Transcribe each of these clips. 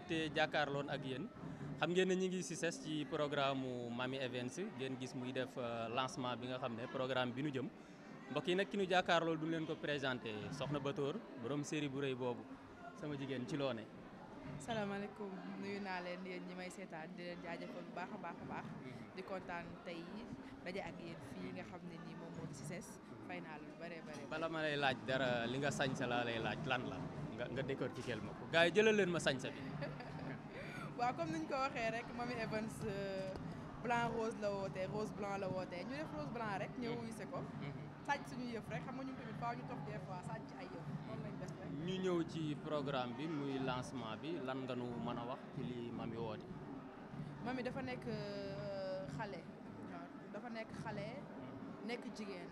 mbégte jàkkaarloon ak yéen xam ngeen ne ñu ngi CICES ci programme mu Mamy Events ngeen gis muy def euh, lancement bi nga xam ne programme bi nu jëm mbokk yi nag ki nu jàkkaarlool duñ leen ko présenté soxna Batoor boroom série bu rëy boobu sama jigéen ci loone salaamaaleykum nuyu naa leen yéen ñi may seetaan di leen jaajëfal bu baax a baax a baax mm-hmm. di kontaan tey daje ak yéen fii nga xam ne nii moom moo di CICES mm-hmm. fay naa lu bare bare bala ma lay laaj dara li nga sañsa laa lay laaj lan la nga nga décortiquer ma ko gars yi jëlal leen ma sañsa bi waaw comme ni ñu ko waxee rek Mamy Evans euh, blanc rose la wootee rose blanc la wootee ñu def rose blanc rek ñëw mm-hmm. wuyu ko. Mm-hmm. sàcc suñu yëf rek xam nga ñu toog des fois ay ñu ñëw ci programme bi muy lansement bi lan nga nu mën a wax ci li Mamy woote. Mamy dafa nekk euh, xale. dafa nekk xale nekk jigéen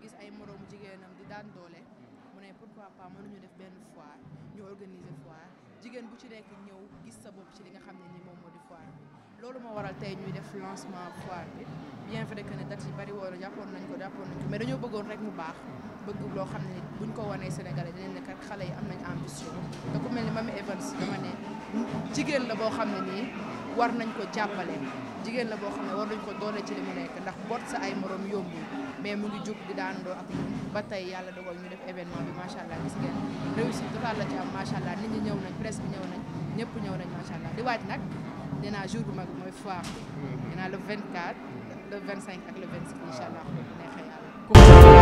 gis ay moroom jigéenam di daan doole mm-hmm. mu ne pourquoi pas mënuñu def benn foire ñu organiser foire. jigéen bu ci nekk ñëw gis sa bopp ci li nga xam ne nii moom moo di foire bi loolu moo waral tey ñuy def lancement foire bi bien vrai que ne date yi bari woon jàppoon nañ ko jàppoon nañ ko mais dañoo bëggoon rek mu baax bëgg loo xam ne buñ ko wanee Sénégalais dinañ ne kat xale yi am nañ ambition te ku mel ni Mamy Evans dama ne jigéen la boo xam ne nii war nañ ko jàppale jigéen la boo xam ne war nañ ko doole ci li mu nekk ndax boot sa ay morom yombul mais mu ngi jóg di daanandoo ak ñun ba tey yàlla dogal ñu def événement bi macha allah gis ngeen réussite totale la ci am macha allah nit ñi ñëw nañ presse bi ñëw nañ ñëpp ñëw nañ macha allah di waaj nag nee naa jour bu mag bi mooy foire bi mm-hmm. nee naa le 24 le 25 ak le 26 incha allah neexee yàlla.